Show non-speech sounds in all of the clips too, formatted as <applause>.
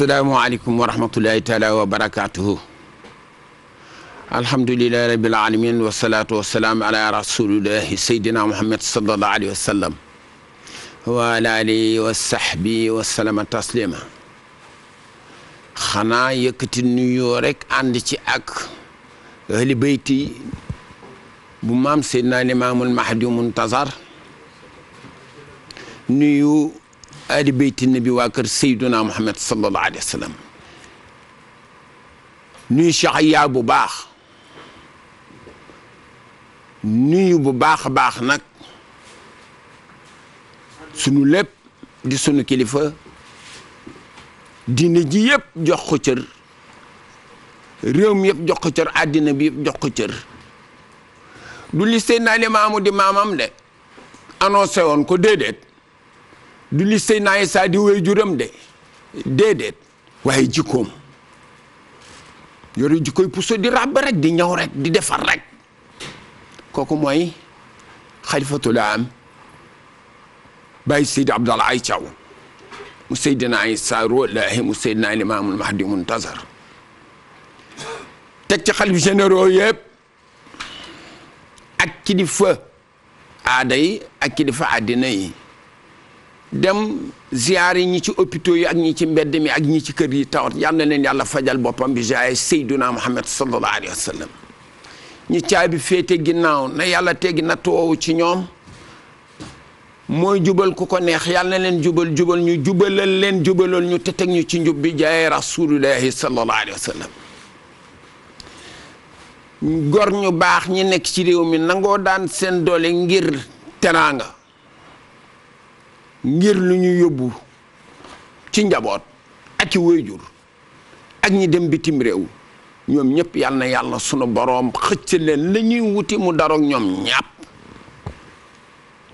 asalaamualeykum wa rahmatullahi taala wa barakaatuhu alhamdulilahi rabil alamin wasalaatu wasalaam ala rasulillahi saydina muhammad salallahu alayhi wa sallam wa ala alihi wa sahbi wa salama taslima xanaa yëkkati nuyoo rek ànd ci ak ahli bayti bu maam seydina limaamul mahdi muntazar nuyu aali beyti nabi waa kër Seyduna Muhammad sallallahu alayhi wa sallam nuyu bu baax nuyu bu baax a baax nag sunu lépp di sunu kilifa diine ji yëpp jox ko cër réew jox ko cër àddina bi yëpp jox ko du li Seydina Limaamu di maamam de annoncé woon ko déedéet. du li Seydina Isa di wéy juram de déedéet waaye jikkoom yore jikkoy puso di ràbb rek di ñëw rek di defar rek kooku mooy xalifatul am bàyyi Seydi Abdallah ay Thiaw mu Seydina Isa Ruuhullaahi mu Seydina Limaamul Mahdi Muntazar teg ci xalif généraux yëpp ak kilifa aada yi ak kilifa àddina yi dem ziyaar yi ñi ci hôpitaux yi ak ñi ci mbedd mi ak ñi ci kër yi tawat yal na leen yàlla fajal boppam bi jaay Seyduna Muhammad sallallahu alayhi wa sallam ñi caabi féete ginnaaw na yàlla teggi na toowu ci ñoom mooy jubal ku ko neex yàlla leen jubal jubal ñu jubalal leen jubalool ñu te teg ñu ci njub bi jaay rasulullahi sallallahu alayhi gor ñu baax ñi nekk ci réew mi nangoo daan seen doole ngir teraanga ngir lu ñu yóbbu ci njaboot ak ci wayjur ak ñi dem bitim réew ñoom ñëpp yal na yàlla sunu boroom xëcc leen la ñuy wuti mu daroog ñoom ñàpp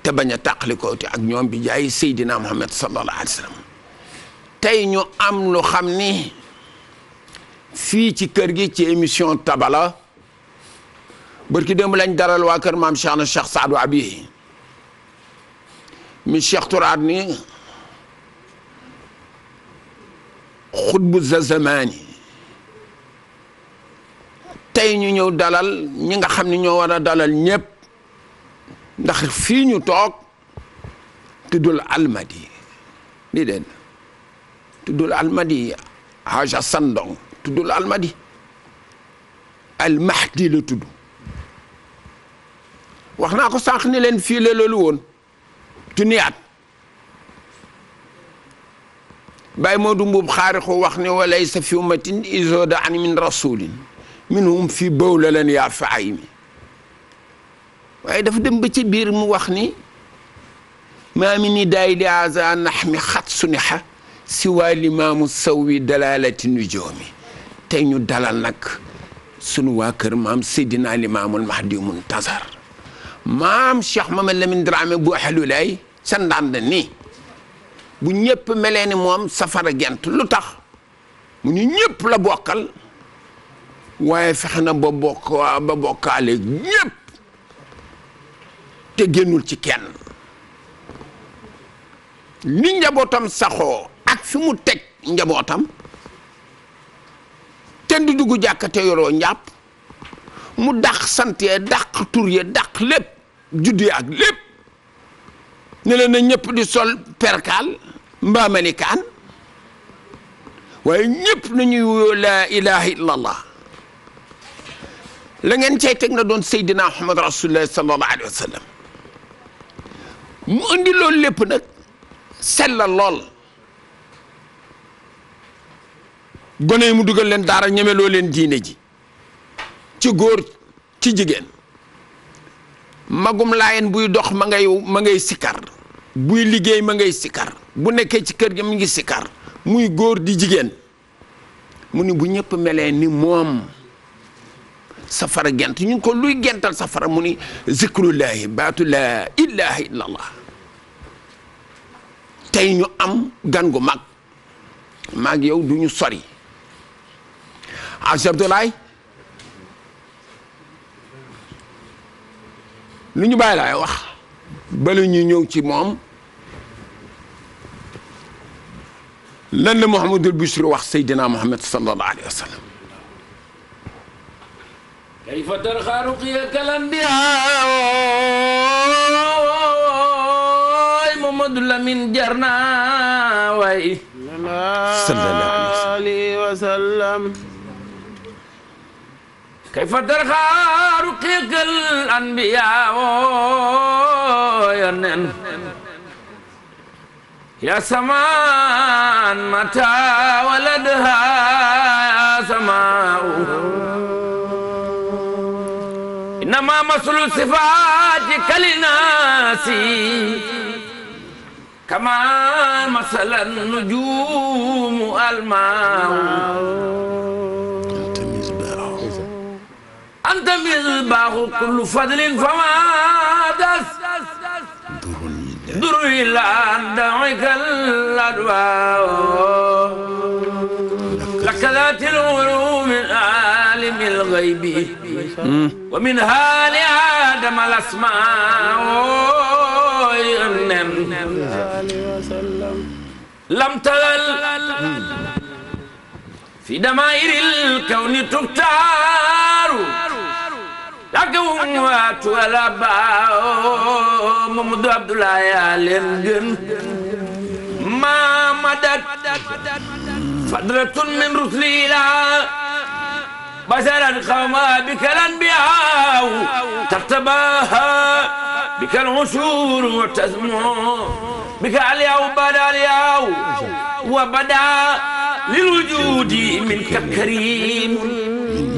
te bañ a tàqalikooti ak ñoom bi jaay Seydina Muhammad sallallahu alayhi tey ñu am lu xam ni fii ci kër gi ci émission tabala barki démb lañ daral waa kër maam Cheikh na Cheikh Saadu Abi mi Cheikh Turaat ni xutbu za zamaani tey ñu ñëw dalal ñi nga xam ne ñoo war a dalal ñépp ndax fii ñu toog tuddul almadi lii deen tuddul almadi haja sandong tuddul almadi almahdi la tudd wax naa ko sànq ni leen fii la loolu woon junni at Baye Modou Mbuub xaarixu wax ne walaysa fi ummatin izoda an min rasulin minhum fi bawla lan yaa fa ay mi waaye dafa dem ba ci biir mu wax ni maa mi ni daay li aza nax mi xat su ni xa si waa limaamu saw wi dalalati nujoomi tey ñu dalal nag sunu waa kër maam Seydina Limaamul Mahdi Muntazar maam Cheikh Mamadou Lamine Dramé bu axalulaay sa ndànd nii bu ñëpp melee ni moom safara gent lu tax mu ñu ñëpp la bokkal waaye fexe na ba bokk ba te génnul ci kenn li njabootam saxoo ak fi mu teg njabootam ten du dugg jàkkate yoroo njàpp mu dàq sant yee dàq tur yee dàq lépp juddu ak lépp ne na ñëpp di sol perkaal mbaa manikaan waaye ñëpp nañuy wuyoo laa ilaha illa allah la ngeen cay teg na doon seydinaa muhammad rasulullah sallallahu mu indi lool lépp nag sellal lool gone yi mu dugal leen daara ñeme loo leen diine ji ci góor ci jigéen magum laayen buy dox ma ngay ma ngay sikkar buy liggéey ma ngay sikar bu nekkee ci kër gi mu ngi sikar muy góor di jigéen mu ni bu ñëpp melee ni moom safara gent ñu ngi ko luy gental safara mu ni zikrullahi baatu laa ilaha illa allah tey ñu am gan gu mag maag yow du ñu sori Hadj Abdoulaye lu ñu bàyyi laay wax bala ñu ñëw ci moom lan la Mouhamadul Bichri wax Seydina Mohamed sallallahu alayhi wa sallam. kayfa tarxaa ruqiya kalandiyaay Momadou Lamine Jarna waay. sallallahu alayhi wa sallam. kayfa tarxaa ruqiya kalandiyaay يا سمان متى ولدها يا سماء إنما مثل صفات كالناس كما مثل النجوم الماء أنت مصباح كل فضل فما دست ذروي لأن دعك الأدواء لك ذات الغروب من عالم الغيب ومن هال آدم الأسماء لم تلل في دمائر الكون تكتار làkkewum waatu walla baaw Mamadou Abdoulaye a leen gën maamadat fadratun min rusulila basaran xawma bi kalan bi aaw tartabaha bi kal usuur wa tasmo bi ka alyaw bada alyaw wa bada lil wujudi min ka karim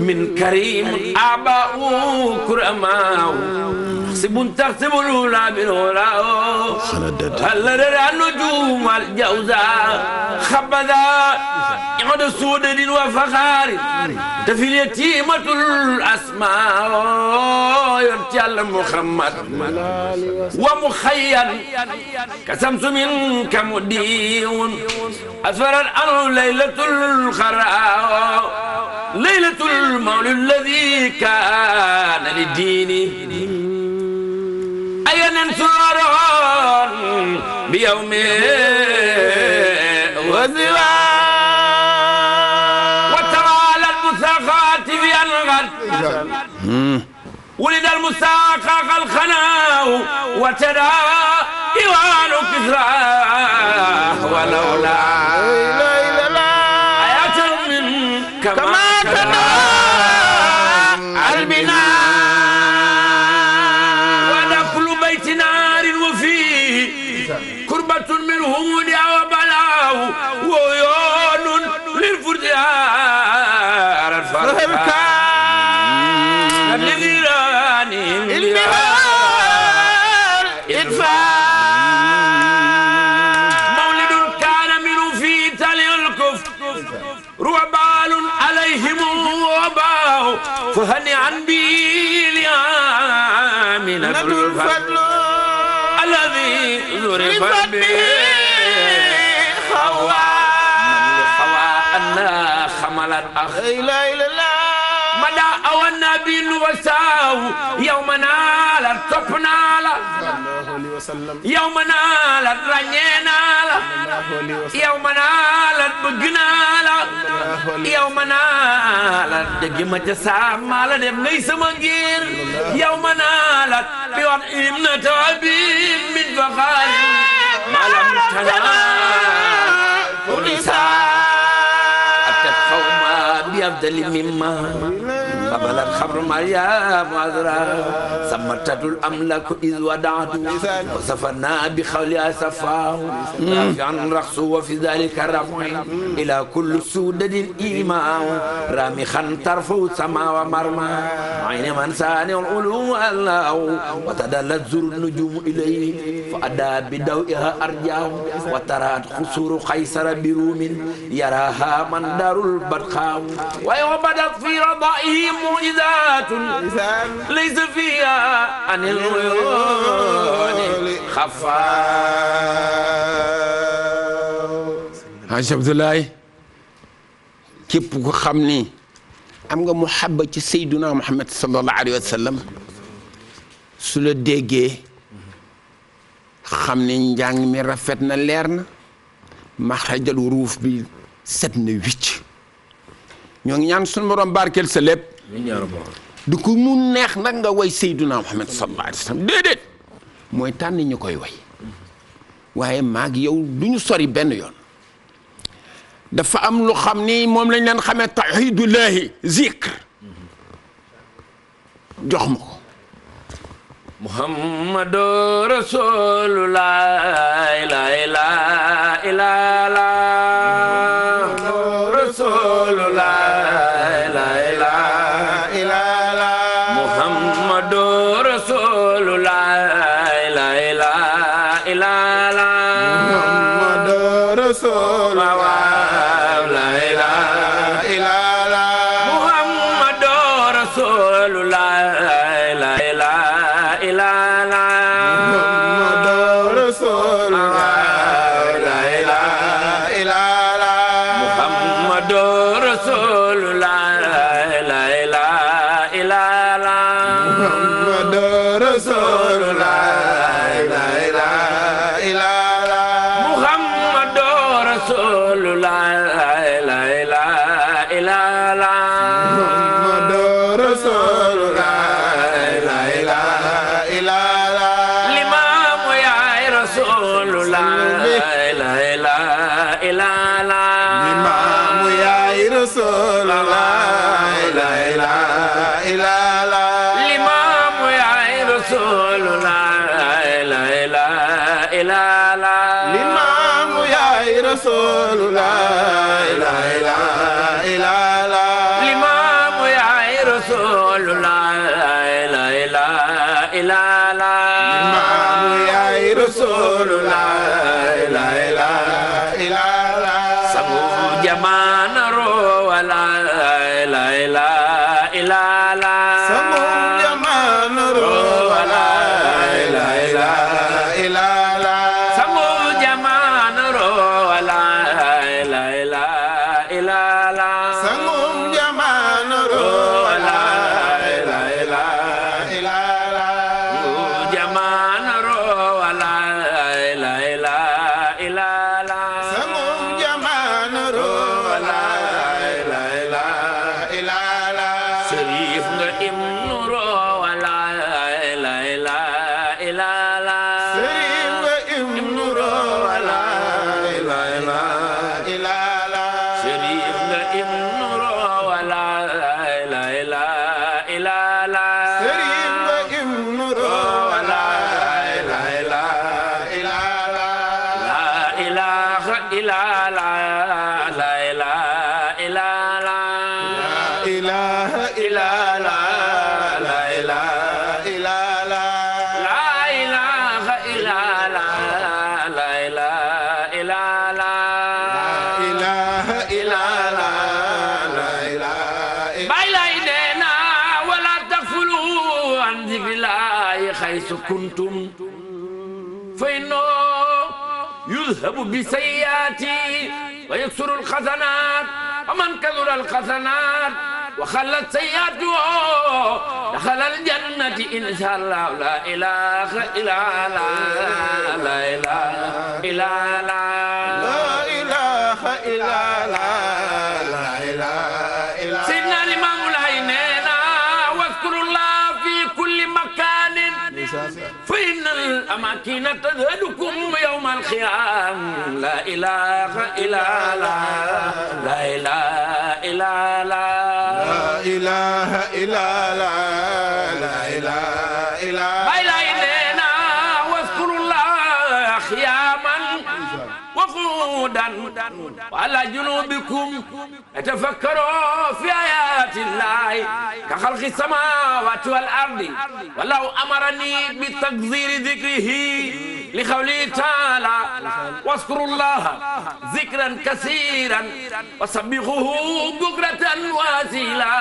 min karim aba'u kuramaw منسب تغتب الأولى من هلا هلدت النجوم الجوزاء خبذا عد سودد وفخار تفي اليتيمة الأسماء يرتي محمد ومخير كسمس منك مدين أثرت أنه ليلة الخراء ليلة المولى الذي كان للدين أين سرور بيوم وزوى وتوالى المساقات في أنغد ولد المساقة الخناو وتدا إيوان كسرى ولولا آية من كما كنا البناء الفضل الذي ذرفت به خوا من لخوا أنا خملت أخ لا إله إلا الله mada awa nabi nu wasaaw yow ma naa la topp naa la yow ma naa la ràññee naa la yow ma naa la bëgg naa la yow ma naa la dégg ma ca saam maa la def ngay sama ngir yow ma naa la bi wax inna tabi min faxaari malam tanaa afdali mimma قبلت خبر مريم عذرا سمتت الأملاك إذ ودعت وسفرنا بخولها سفاه رافعا رقص وفي ذلك رفع إلى كل سودد إيماء رامخا ترفع سما ومرمى عين من سانع العلوم الله وتدلت زر النجوم إليه فأدى بدوئها أرجاه وترات قصور قيصر بروم يراها من دار البرخاء ويعبدت في رضائهم معجزات ليس فيها عن الغيون خفاء حاج عبد الله képp ko xam ni am nga muhabba ci sayduna muhammad sallallahu alayhi wa sallam su la déggee xam ni njàng mi rafet na leer na maxrajal ruuf bi set na wicc ñoo ngi ñaan suñu borom barkeel sa lépp du ko mu neex nag nga way Seyduna Muhammad sallallahu alayhi wa sallam mooy tànn ñu koy way waaye maag yow du ñu sori benn yoon dafa am lu xam ni moom lañ leen xamee tawxidullahi zikr jox ma ko muhammadu rasulullah la ilaha illa ahmadu rasulullah la ilaha illallah ahmadu rasulullah بالسيئات ويكسر الخزنات ومن كثر الخزنات وخلت سيئاته دخل الجنة إن شاء الله لا إله إلا لا لا إله إلا لا لا إله إلا لا وإن الأماكن تذلكم يوم القيام لا إله إلا لا لا إله إلا لا لا إله إلا لا جنودا وعلى جنوبكم تفكروا في آيات الله كخلق السماوات والأرض ولو أمرني بتقدير ذكره لقوله تعالى واذكروا الله ذكرا كثيرا وسبحوه بكرة واسيلا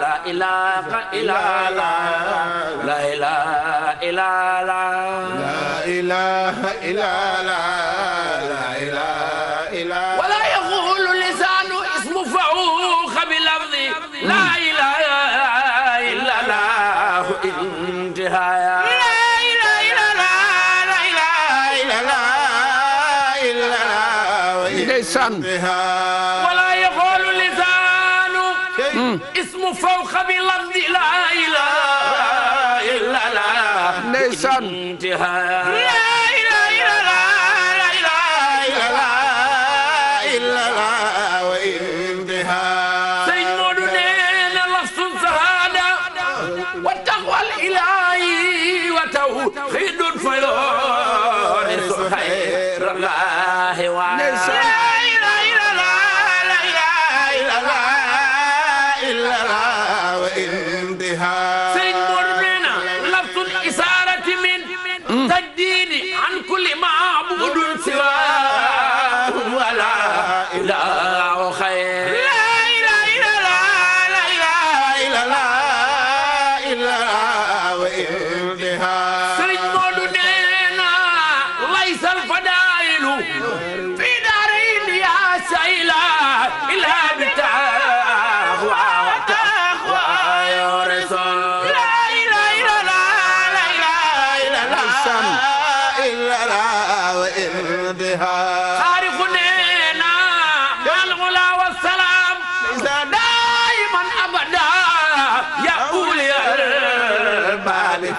لا إله إلا الله لا إله إلا الله لا إله إلا الله توحيد فلا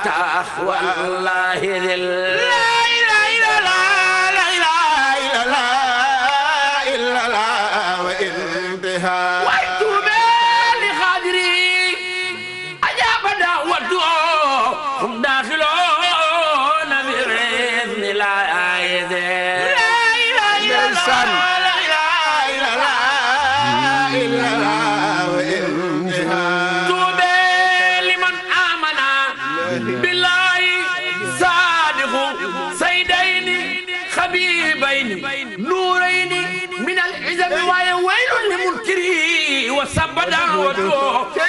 tax wallaahi jami waaye waylun li munkiri wa sabadan wa doo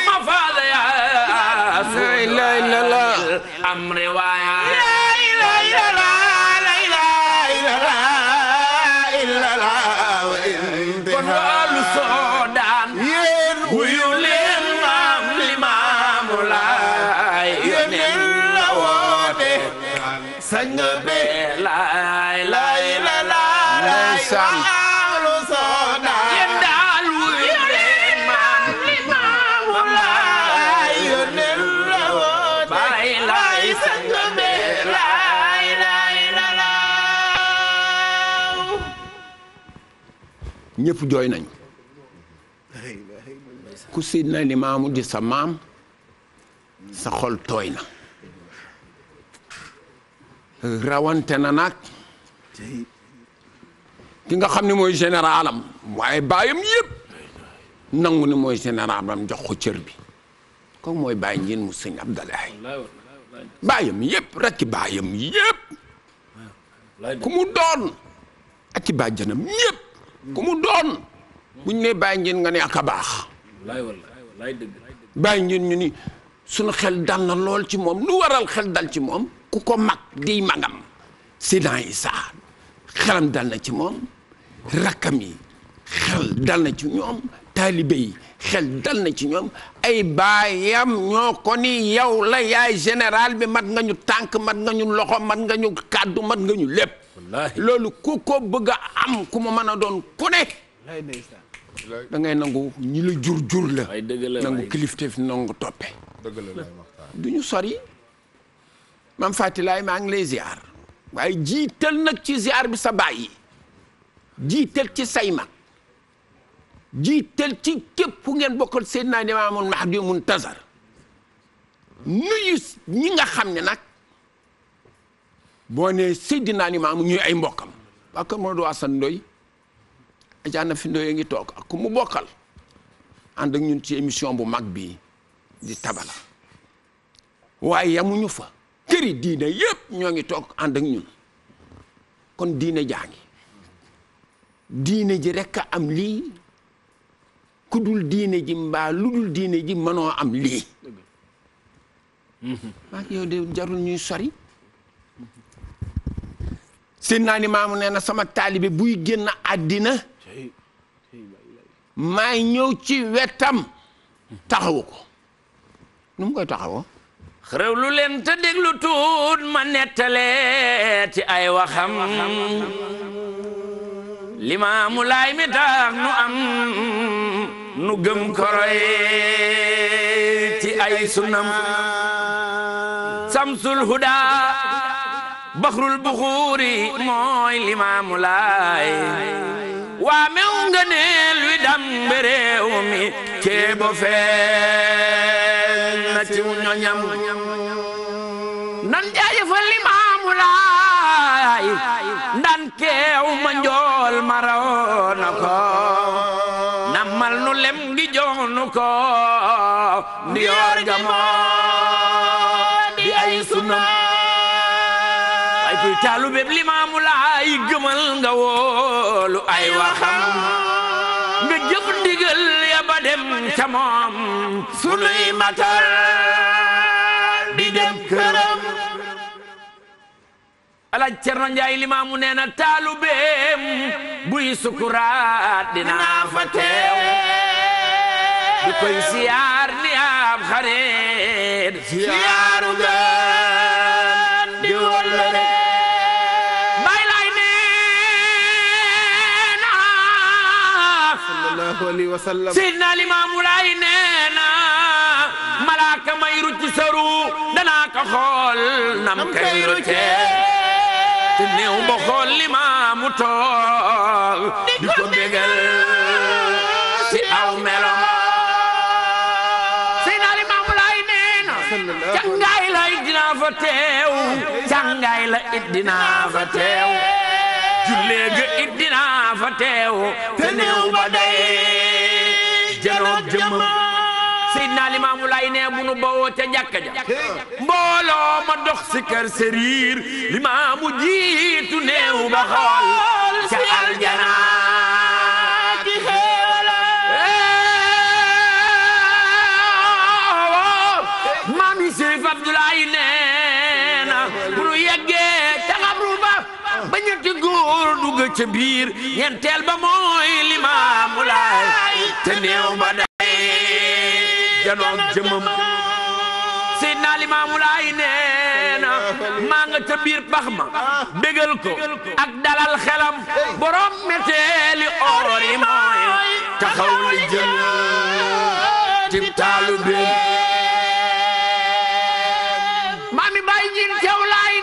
ma faala yaa la ilaha illallah am riwaaya ñëpp jooy nañu ku Seydina Limaamu ji sa maam sa xol tooy na rawante na nag ki nga xam ne mooy généralam waaye baayam yëpp nangu ni mooy généralam jox ko cër bi ko mooy bàyyi njin mu sëñ Abdalaahi baayam yëpp rakki baayam yëpp ku mu doon ak ci bàjjanam yëpp ku mu doon buñ ne bàyyi ngeen nga ne ak a baax bàyyi ngeen ñu ni sunu xel dal na lool ci moom lu waral xel dal ci moom ku ko mag di magam yi Isa xelam dal na ci moom rakkam yi xel dal na ci ñoom taalibe xel dal na ci ñoom ay baayam ñoo ko ni yow la yaay général bi mat nga ñu tànk mat nga ñu loxo mat nga ñu kàddu mat nga ñu lépp loolu ku ko bëgg am ku ma mën a doon ku ne da nangu ñi la jur jur la nangu kilifteef nangu toppe du ñu sori maam Fatilaay maa ngi lay ziar waaye jiital nag ci ziar bi sa bàyyi jiital ci say mag jiital ci képp ngeen bokkal Seydina Imaamul Mahdi Muntazar nuyu ñi nga xam ne nag boo nee Seydina Limaamu ñuy ay mbokkam waa kër Modou Assane Ndoye ajaana fi Ndoye ngi toog ak ku mu bokkal ànd ak ñun ci émission bu mag bii di tabala waaye yamuñu fa këri diine yépp ñoo ngi toog ànd ak ñun kon diine jaa ngi diine ji rekk a am lii ku dul diine ji mbaa lu dul diine ji mënoo am lii maa yow de jarul ñuy sori seen naa maamu nee na sama taalibe buy génn àddina maay ñëw ci wetam taxawu ko nu koy taxawoo réew lu leen te déglu tuut ma nettalee ci ay waxam limaamu laay mi tax nu am nu gëm koroy ci ay sunam samsul huda baxrul buxuuri mooy limaamu laay waa mew nga neel wi dam bereew mi ceebo feeñ na ci ñoñam nan jaajëfal limaamu laay ndan keew ma njool ma raw na ko nammal nu lem gi joonu ko ndiyoor ga kuy taalu bépp limaamu laay gëmal nga woolu ay waxam nga jëf ya ba dem sunuy matal di dem këram alaaj Cerno Njaay limaamu nee na taalu béem buy sukuraat dinaa fa teew koy siyaar ni ab xarit siyaaru alayhi wa sallam Seydina Limaamu Laay nee na malaaka may rucci saru danaa ko xool nam kay rucce te néew ma xool Limaamu toog di ko bégal ci aw melom Seydina Limaamu Laay nee na càngaay la it dinaa fa teew càngaay la it dinaa fa teew jullee ga it dinaa fa teew te néew ba day jëmmam Seydina Limaamu Laay ne bu nu bawoo te jàkka ja mbooloo ma dox si kër Seriir Limaamu jiitu néew ba xool ca aljanaa Sérif Abdoulaye nee na bu nu yeggee ca xabru ba ba ñetti góor dugg ca biir ñeenteel ba mooy Limaamu Laay te néew ba janoog jëmam Seydina Limaamu Laay nee na ca biir pax ma ak dalal xelam borom meteeli oor yi mooy taxaw tib taalu bi maami Baay Ñiŋ Caw Laay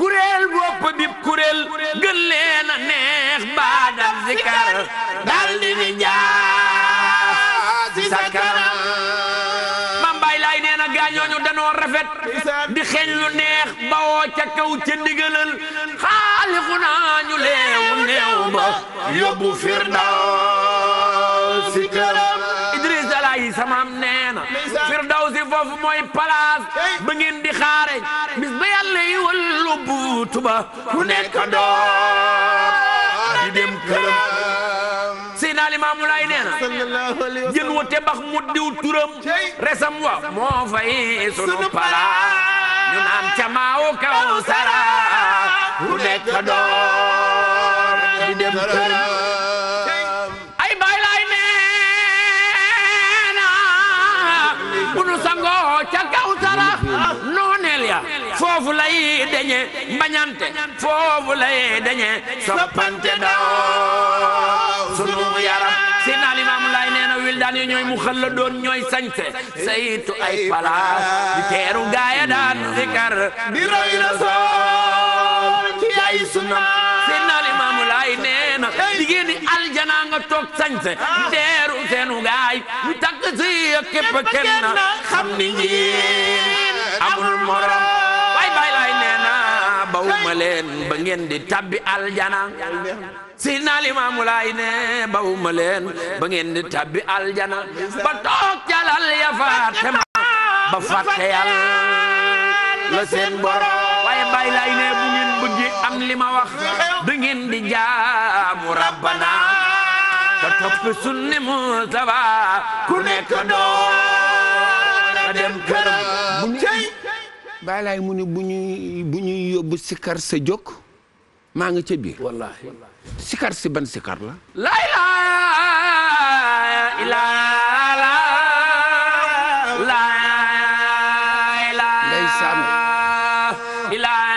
kuréel bopp bi kurél gën leen a neex baadal zikar dal di ni jaar si sa baay laay nee na gaañooñu danoo rafet di xeeñ lu neex bawoo ca kaw ca ndigalal xaalixu naa ñu leewu neew ba yóbbu firdaw si kanam Idriss Alaay samaam neex foofu mooy palaas ba ngeen di xaare bis ba yàlla yi wallu buutu ba ku nekk bax mu diw turam resam wa moo fay sunu palaas ñu naan ca maaw ku nekk door di dem këram bu nu sangoo ca kaw sara nooneel ya foofu lay deñe mbañante foofu lay deñe soppante daw sunu yaram seen alimaamu laay nee na wildaan yi ñooy mu xalla doon ñooy sañse saytu ay palaas di teeru gaaya daan zikar di roy rasool ci ay sunam Seydina Limaamu Laay nee na jigéen ñi aljana nga toog sañse ñu ah! teeru seenu gaay ñu takk si ak képp kenn xam ni jigéen amul morom waay baay laay ba ngeen leen ba ngeen di tabbi aljana ba toog jalal ya faatema ba fàtte yàlla la seen borom waaye baay laay ne bu mujj am li ma wax du ngeen di jaamu rabbana te topp sunni Mustafa ku nekk doona dem këram cey balaay mu ne bu ñuy bu ñuy yóbbu sikar sa jóg maa nga ca biir wallaahi sikar si ban sikar la laa ilaaha illallaah laa ilaaha illallaah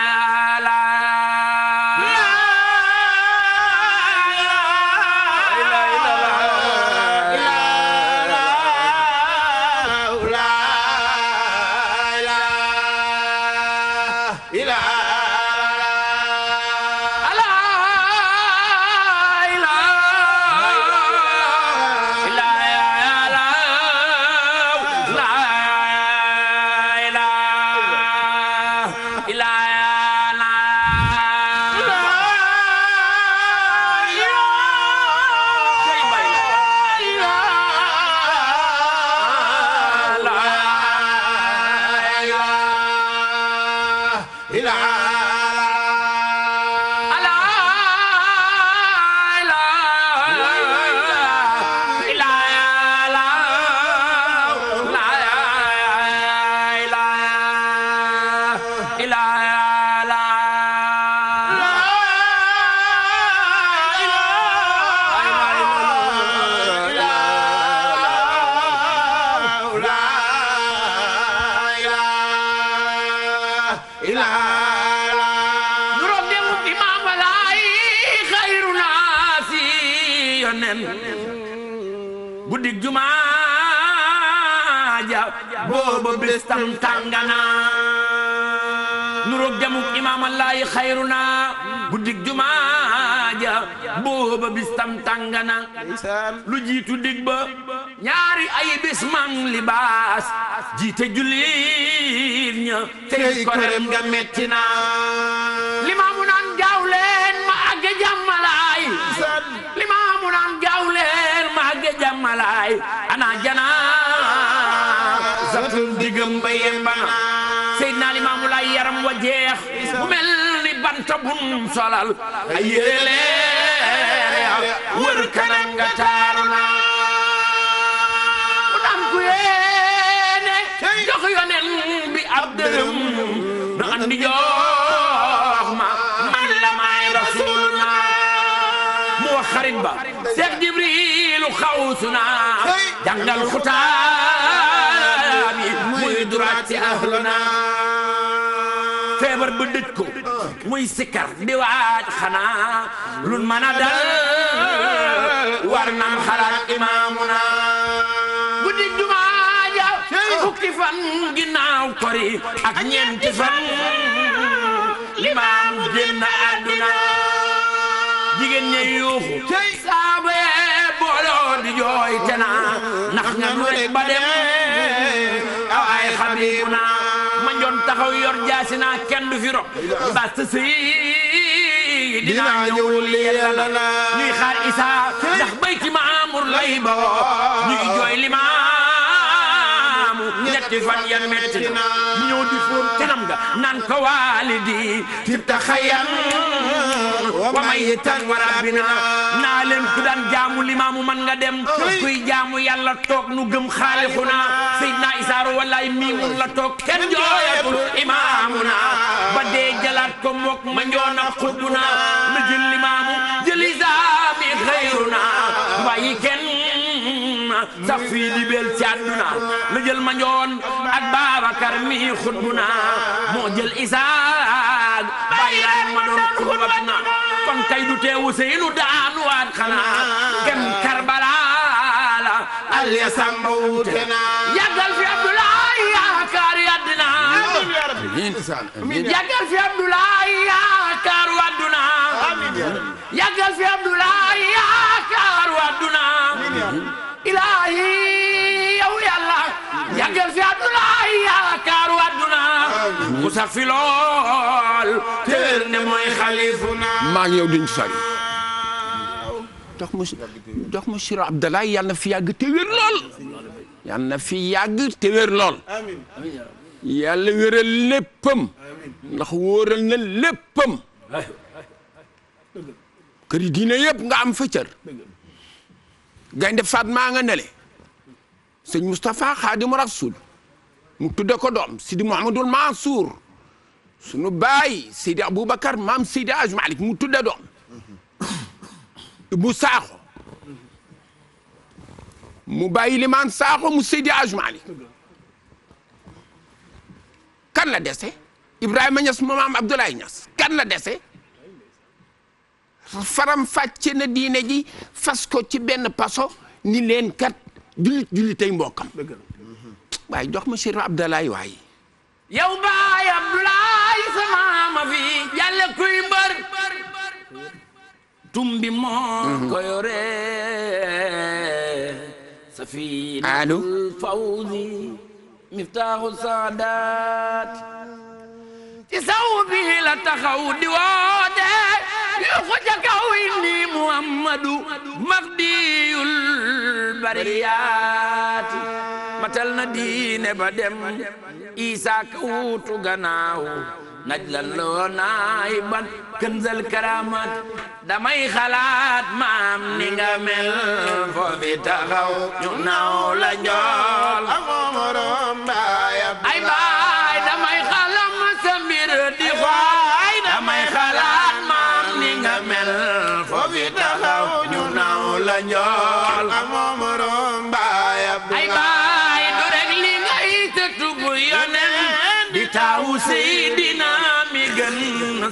bisam tàngana lu jiitu dig ba ñaari ay bis mam libaas jiite jullit ña tey korem nga metti na limaamu naan gaaw leen ma àgge jàmmalaay naan gaaw leen ma àgge jàmmalaay ana yaram wa jeex bu mel bun solal ay wër kanam nga taaru na ku daan ku yéene jox bi ab dërëm na andi ma la maay rasul na mu wax xarit ba Seex Jibriilu xawsu na jàngal xutaab yi muy duraat ci ahlu na feebar ba dëj ko muy sikar di waaj xanaa lu mën a dal war nan xalaat imaamuna guddi jumaa ja fukki fan ginnaaw kori ak ñeenti fan limaam génn àdduna jigéen ñe yuuxu saaba booloo di jooy te naa ndax ña du rek ba dem taxaw yor kenn du fi rob bas xaar isa ndax béy ki ma ñetti fan ya metti na ñëw di foon kanam nga naan ko waalidi tibta xayan wa mayitan wa rabbina naa ku daan jaamu limaamu man nga dem kuy jaamu yàlla toog nu gëm xaalixuna Seydina Isaaro wallaay miimun la toog kenn jooyatul imaamuna ba dee jalaat ko mook ma njoon ak xutbuna ma jël limaamu jël isaami xayruna bàyyi kenn sax fii di bel ci àdduna la jël ma njoon ak Babacar mi xutbu na moo jël Isaak bàyyi laan ma doon xutbat na kon kay du teewu seenu daanuwaat xanaa gem Karbala la aliya samba wuute na yàggal fi Abdoulaye yaakaar yàddina yàggal fi Abdoulaye yaakaar wàdduna yàggal fi Abdoulaye yaakaar wàdduna ilaahi yow yàlla yàggal fi àdduna yaakaaru àdduna ku sax fi lool te wér ne mooy xalifuna maa ngi yow duñ sori jox mu jox mu siro yàlla fi yàgg te wér lool yàlla na fi yàgg te wér lool yàlla wéral léppam ndax wóoral nga am fa gaynde faat maa nga nele sëñ Moustapha Xaadimu Rasuul mu tudde ko doom Sidi Mouhamadul Mansour sunu baay Sidi Aboubacar maam Sidi Aj Malik mu tudde doom Ibou Sakho mu bàyyi Limaan Sakho mu Sidi Aj Malik kan la dese Ibrahima Niass mu maam Abdoulaye Niass kan la dese faram fàcce na diine ji fas ko ci benn paso ni leen kat jullit jullitay mbokkam waaye jox ma Cheikh Abdoulaye waaye yow baay Abdoulaye sama fi yàlla kuy mbër tumbi moo ko yore safinatul fawzi miftaaxu saadaat ci saw bi la taxaw di woote ko ca kaw indi muhammadu mahdiyul bariyaati matal na diine ba dem isa ka wuutu gannaaw najlan loo naay ban kënzal karamat damay xalaat maam ni nga mel foofi taxaw ñu naaw la njool ay baa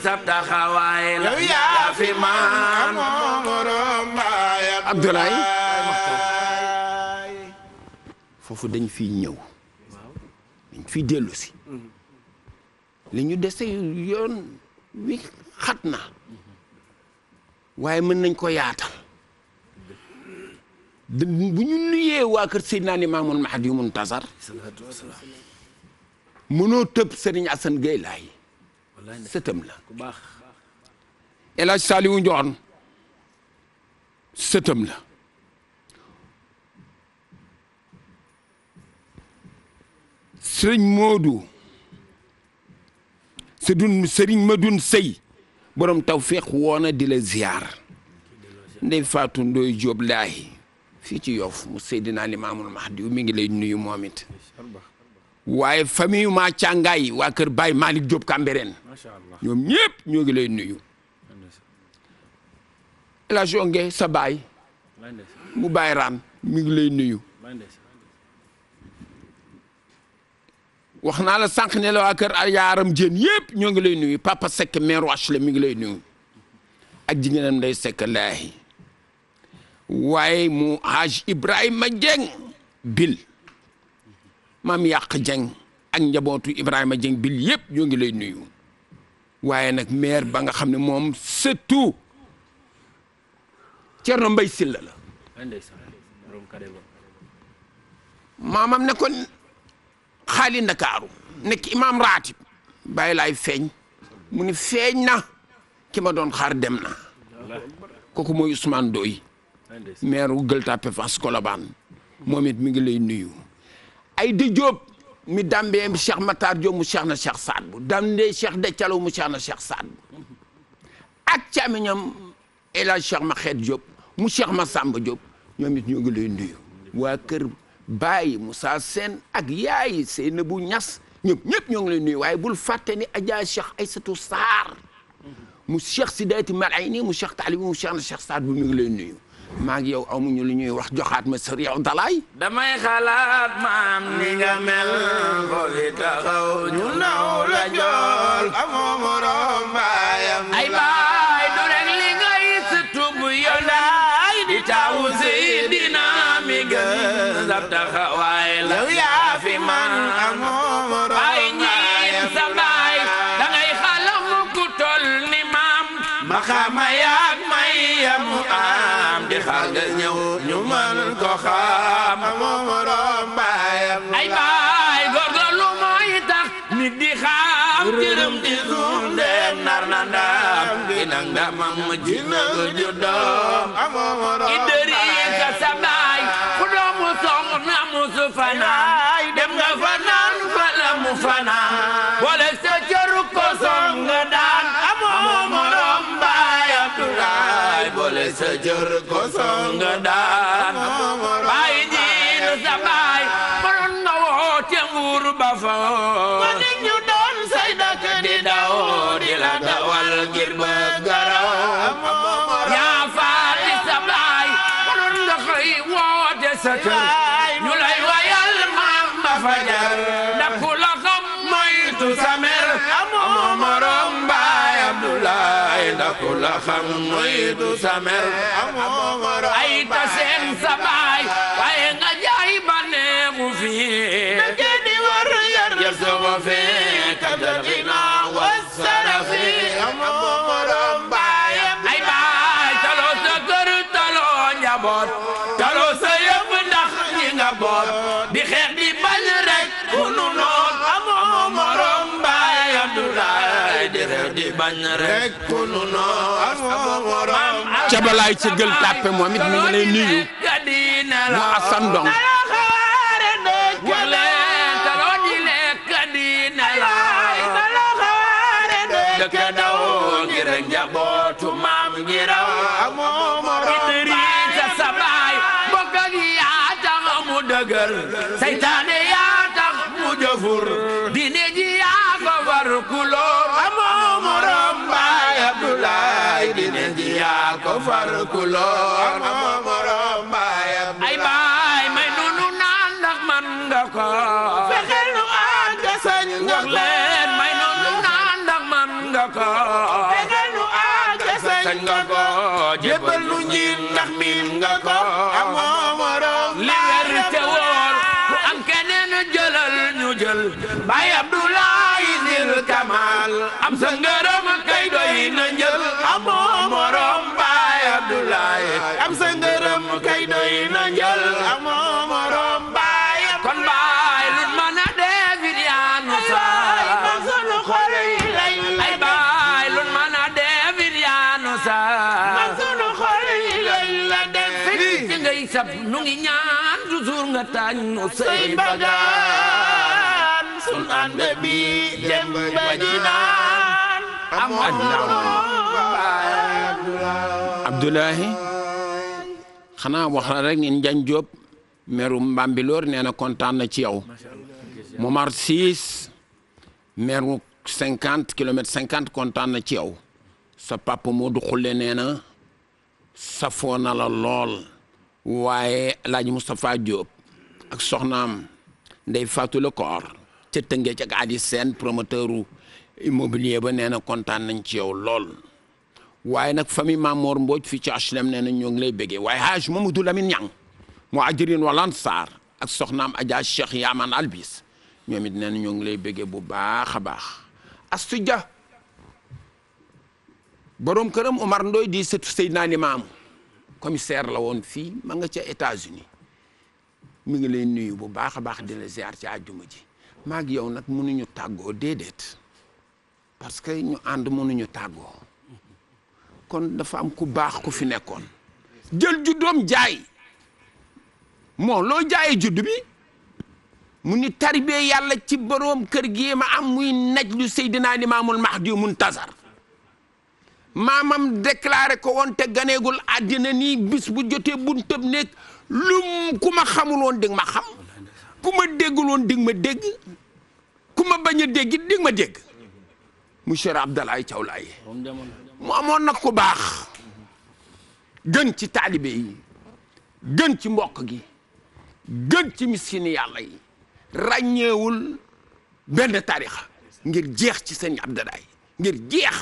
sab taxawaay la yaa fi man Abdoulaye foofu dañ fi ñëw dañ fi dellu si dese yoon wi xat na waaye mën nañ ko yaatal bu ñu nuyee waa kër Seydina Limaamul Mahdi yu Muntasar mënoo tëb Serigne Assane Gueye laay sëtam la El Hadj Saliou Ndion sëtam la sëriñ Moodu sëdun sëriñ Madun Sey borom tawféex woona di la ziar ndey Faatu Ndoy Jóob laahi fii ci Yoff mu Seydina Limaamul Mahdi mi ngi lay nuyu moom it waaye famille maa càngaay waa kër Baye Malick Diop Cambérène ñoom ñëpp ñoo ngi lay nuyu la jonge sa baay mu baay raam mi ngi lay nuyu wax naa la sànq ne la waa kër yaaram jën yëpp ñoo ngi lay nuyu papa Seck maire wash la mi ngi lay nuyu ak jigéenam day laahi waaye mu Haj Ibrahima Dieng bil maam yàq jeng ak njabootu Ibrahima jeng bil yëpp ñoo ngi lay nuyu waaye nag maire ba nga xam ne moom surtout Thierno Mbaye Sylla la maamam ne ko xaali ndakaaru nekk imaam raatib bàyyi laay feeñ mu ni feeñ na ki ma doon xaar dem na kooku mooy Ousmane Doy maire wu Gueule Tapée Fass Colobane moom it mi ngi lay nuyu ay di Jóob mi dambee mi Cheikh Matar Diop mu Cheikh na Cheikh Saad bu dambee Cheikh de Calo mu Cheikh na Cheikh Saad bu ak càmmiñam El Hadj Cheikh Maxeet Diop mu ma samba Diop ñoom it ñu ngi lay nuyu waa kër Baye Moussa seen ak yaayi Seynabou Niass ñoom ñëpp ñoo ngi lay nuyu waaye bul fàtte ni Adja Cheikh Aysatu Sarr mu Cheikh Sidaati ni mu Cheikh Taalibi mu Cheikh na Cheikh Saad bu mi ngi lay nuyu maa ngi yow amuñu lu ñuy wax joxaat ma sër yow dalaay damay xalaat maam ni nga mel boli taxaw ñu naw la jool amoo morom mbaayam ay ma ji nga juddoo Idrissa sa baay fu doomu soxna musu fanaan dem nga fanaan fa la mu fanaan boole sa cëru ko song nga daan amoo morom baay Abdoulaye boole sa cëru ko song nga daan baay diinu sa baay mënoon nga woote nguur ba fa ma nit ñu doon say dakk di daw di la dawal ngir bëgg yaa faati sa baay konoon nga xëy woote sa kër ñu lay wayal maam ma fajar ndax ku la xam moytu sa mer amoo morom baay Abdoulaye ndax ku la xam moytu sa mer ay taseen sa baay bañ rek kunu ca balaay ci gël tàppe moom it mi ngi lay nuyu mu dong lool amoo moroom baayam ay baay may nunu naan ndax man nga ko fexeel nu àgg sañ wax leen may nunu naan ndax man nga ko fexeel nu àgg sañ nga ko jébbal nu njiit ndax miin nga ko amoo moroom li wér te wóor ku am keneen jëlal ñu jël baay Abdoulaye Zil Kamal am sa ngërëm nga tànn sey bagaan sun ànd bi dem ba dinaan amoon rek ni Njañ Jóob meru Mbambilor nee na kontaan ci yow Momar Siis meru cinquante kilomètres cinquante kontaan na ci yow sa papa Modou Xulle nee na safoo la lool waaye El Hadj Moustapha ak soxnaam ndey Fatou Lekor ca Tëngéej ak Adi Sène promoteur immobilier ba nee na kontaan nañ ci yow lool waaye nag famille Mamor Mbodj fii ci HLM nee na ñoo ngi lay bëggee waaye Haj Mamadou Lamine Niang moo ajirin walan Sarr ak soxnaam Adja Cheikh Yaman Albis ñoom it nee na ngi lay bëggee bu baax a baax Astou Dia borom këram Omar Ndoye di sëtu Seydina Limaamu commissaire la woon fii ma nga ca États-Unis mi ngi lay nuyu bu baax a baax di la ziar ci àjjuma ji maag yow nag mënuñu tàggoo déedéet parce que ñu ànd mënuñu tàggoo kon dafa am ku baax ku fi nekkoon jël juddoom jaay moo loo jaayee judd bi mu ni taribee yàlla ci boroom kër gi ma am muy naj lu Seydina Limaamul Mahdi Muntazar maamam déclaré ko woon te ganeegul àddina nii bis bu jotee buntëb nekk lum ku ma xamuloon di nga ma xam ku ma dégguloon di ma dégg ku ma bañ a dégg di nga ma dégg monsieur Abdoulaye Thiaw Laye mu amoon nag ku baax gën ci taalibe yi ci mbokk gi gën ci miskini yàlla yi ràññeewul benn tarixa ngir jeex ci sëñ Abdoulaye ngir jeex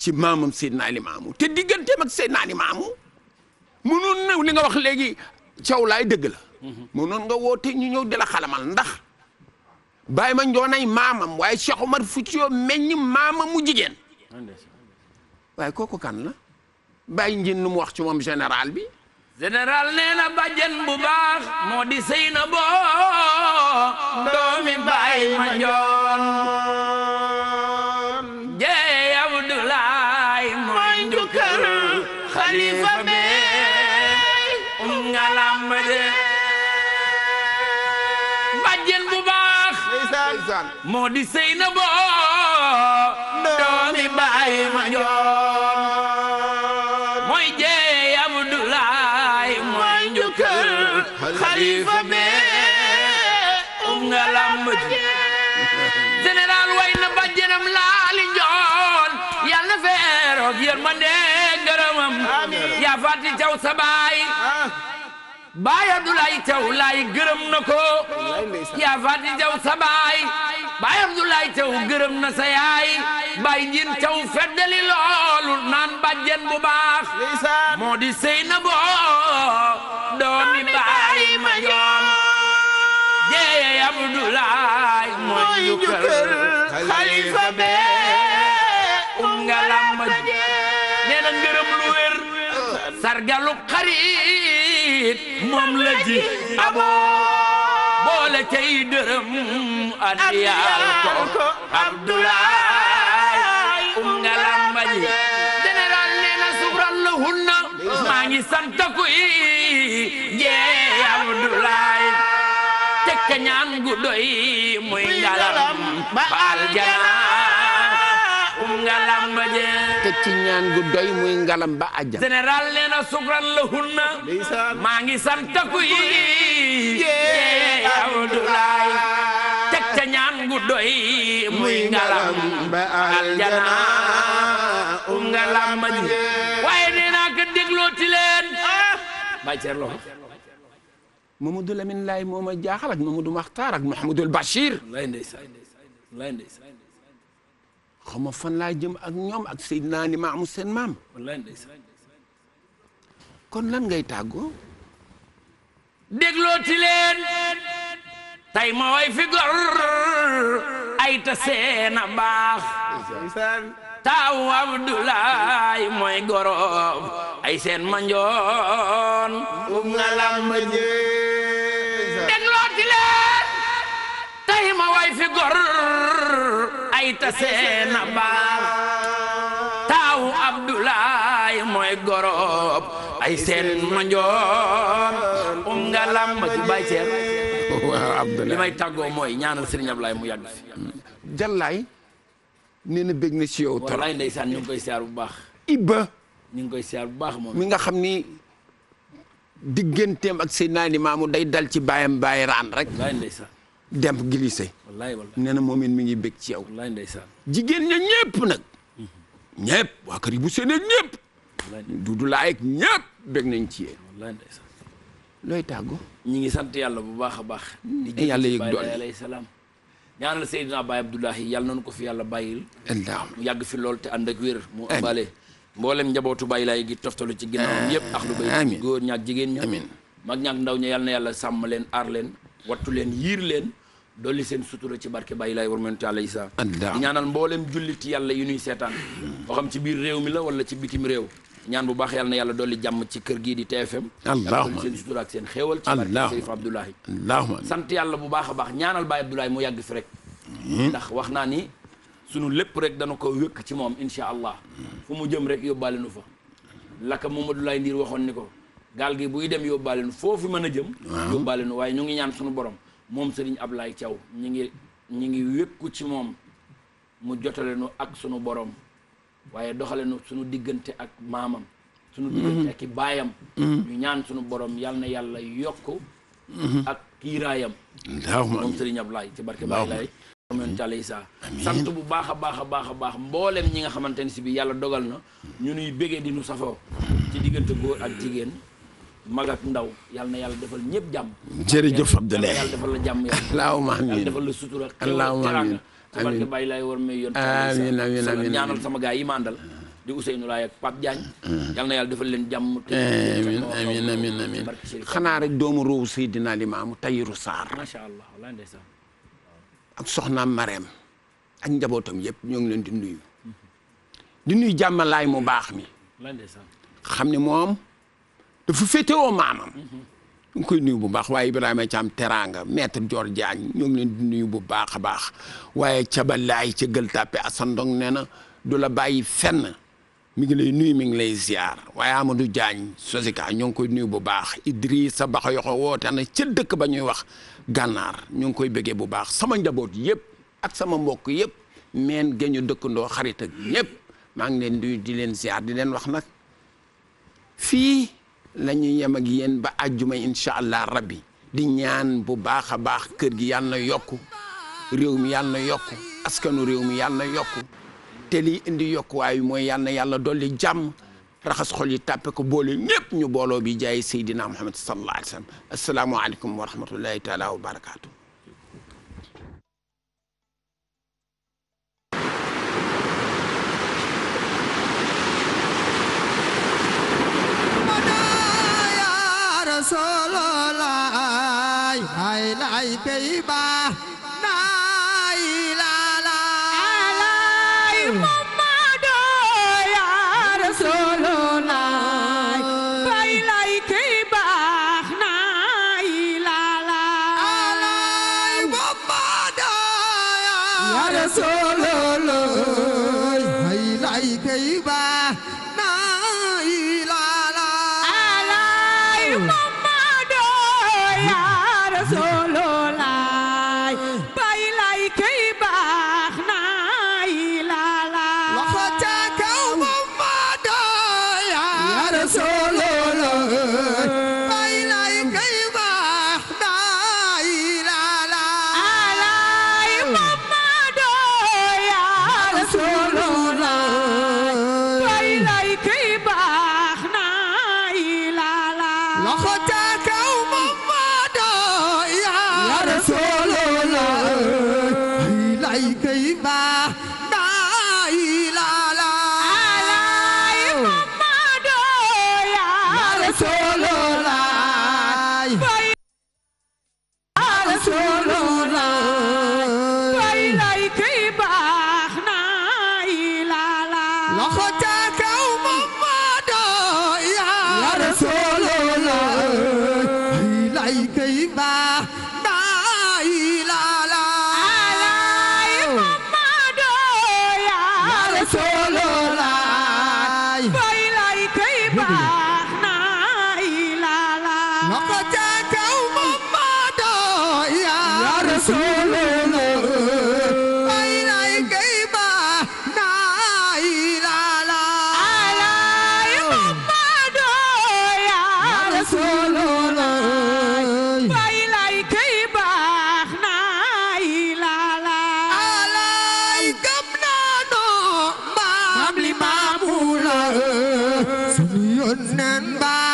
ci maamam Seydina Limaamu te digganteem ak Seydina Limaamu mënoon na li nga wax léegi caw laay dëgg la mënoon nga woote ñu ñëw di xalamal ndax bàyyi ma njoonay maamam waaye Cheikh Omar Foutiyou meññ maamam mu jigéen waaye kooku kan la bàyyi njin nu mu wax ci moom général bi général nee na bàjjen bu baax moo di sëy boo doomi bàyyi ma njoon ñalamba je bàjjen bu baax moo di sëy na bo doomi baay ma njoon mooy jeey Abdoulaay mooy njukkal xalifa be um nga lamb ji général way na laali njoon yal na feeroog yërmande gërëmam yaa fàtti caw sa baay Abdoulaye Thiaw laay gërëm na ko yaa Faati Jaw sa baay baay Abdoulaye na sa baay Njin Thiaw feddali naan bàjjen bu baax moo di sëy na boo doomi baay ma joon jeey Abdoulaye mooy jukkal bee um nga lamb nee na ngërëm lu wér sargalu it moom la ji aboo boole cay dërëm adiyaal ko Abdoulaye um nga lamba ji général nee na subral la hunna maa ngi sant ku i jee Abdoulaye teg ca ñaan gu doy muy ngalam ba aljana um nga lamba jee ci ñaan gu doy muy ngalam ba àjjana. général nee na sukran la hunna. maa ngi sant ku yi. yee Abdoulaye. teg ca ñaan gu doy. muy ngalam ba àjjana. um ngalam ma ji. waaye nee naa ko déglooti leen. Ah. bàyyi ceer loxo. Mamadou Lamine Laye ma jaaxal ak Mamadou Makhtar ak Mouhamadul xaw fan laa jëm ak ñoom ak Seydina Limaamu seen maam kon lan ngay tàggoo dégloo leen tey ma way fi gor ay ta seena baax taaw Abdoulaay mooy goroom ay seen ma um na ma jee dégloo leen tey ma way fi gor ayta seena baal mooy gorob ay seen ma njoom um nga ci bay seen <laughs> li may tàggoo mooy ñaanal sëriñ Ablaye mu yàgg fi jallaay nee na si yow trop wallaay bu baax ñu ngi koy siyaar bu baax moom mi nga xam ni digganteem ak Seydina Limaamu day dal ci baayam baay raan rek dem glissé. wallaay wallaay nee na moom mi ngi bég ci yow. wallaay ndeysaan jigéen ña ñëpp nag. Mhm. ñëpp waa kër yi bu seenee ñëpp. duudu laa ak ñëpp bég nañ ci yéen. wallaay ndeysaan looy tàggu. ñi ngi sant yàlla bu baax a baax. Mm. di yàlla yëg doole alayhi salaam. ñaanal Seydina Baye Abdoulahi yàlla nañu ko fi yàlla bàyyil. mu yàgg fi lool te ànd ak wér. mu ëmbaale njabootu Baye laay gi toftalu ci ginnaawam yëpp. amiin ak lu bay góor ñaak jigéen ña. amiin mag ñaak ndaw ña yàlla na yàlla sàmm leen aar leen wattu leen yiir leen dolli seen sutura ci barke bàyyi laay war mën yàlla isa di ñaanal mboolem julliti yàlla yu nuy seetaan boo xam ci biir réew mi la wala ci bitim réew ñaan bu baax yàlla na yàlla dolli jàmm ci kër gii di TFM allahumma seen sutura ak seen xéewal ci barke Seydou Abdoulaye allahumma sant yàlla bu baax a baax ñaanal Baye Abdoulaye mu yàgg fi rek ndax wax naa ni sunu lépp rek dana ko wékk ci moom incha allah fu mu jëm rek yóbbaale nu fa laka Mamadou Laye Ndiir waxoon ni ko gaal gi buy dem yóbbaale nu foofu mën a jëm yóbbaale nu waaye ñu ngi ñaan suñu borom moom Serigne Ablaye Thiaw ñi ngi ñi ngi wékku ci moom mu jotale nu ak sunu boroom waaye doxale nu sunu diggante ak maamam sunu mm-hmm. diggante ak baayam mm-hmm. ñaan sunu borom yal na yàlla yokk mm-hmm. ak kiiraayam moom Serigne Ablaye ci barke Baay Laay moom sant bu baax a baax a baax a baax mboolem ñi nga xamante ne si bi yàlla dogal na ñu nuy bégee di safoo ci diggante góor ak jigéen mag ak ndaw yal na yàlla defal ñëpp jàmm. jërëjëf Abdoulaye yàlla defal la jàmm yàlla. allahumma amiin yàlla defal la sutura. allahumma amiin ci ma àndal. di Ousseynou Laye ak Pape mm. yal na yàlla defal leen jàmm. te amiin amiin xanaa rek doomu roowu Seydina Limaamu Tayiru Saar. macha allah walaay ndeysaan. ak soxnaam Marème. ak njabootam yëpp ñoo ngi leen di nuyu. di nuyu mu baax mi. walaay ndeysaan moom. dafa féetewoo maamam. ñu koy nuyu bu baax waaye Ibrahima Thiam teraanga maître Dior Diagne ñoo ngi leen di nuyu bu baax a baax waaye cabalaay ca gël tàppe Assane Ndong na du la bàyyi fenn mi ngi lay nuyu mi ngi lay ziar waaye Amadou jaañ Sosika ñoo ngi koy nuyu bu baax Idrissa Baxa yoxo woote na ca dëkk ba ñuy wax gànnaar ñoo ngi koy bëggee bu baax sama njaboot yëpp ak sama mbokk yëpp meen gañu dëkkandoo xarit ak ñëpp maa ngi leen di di leen ziar di leen wax nag la ñu yem ak yéen ba àjjuma incha allah rabbi di ñaan bu baax a baax kër gi yàlla na yokku réew mi yàlla na yokku askanu réew mi yàlla na yokku te lii indi yokkuwaay mooy yàlla na yàlla dolli jàmm raxas xol yi tàppe ko boole ñëpp ñu booloo bi jaay Seydina Muhammad sallallahu alayhi wa sallam asalaamualeykum wa rahmatullahi taala wa barakaatu. solo laay ay laay pey baa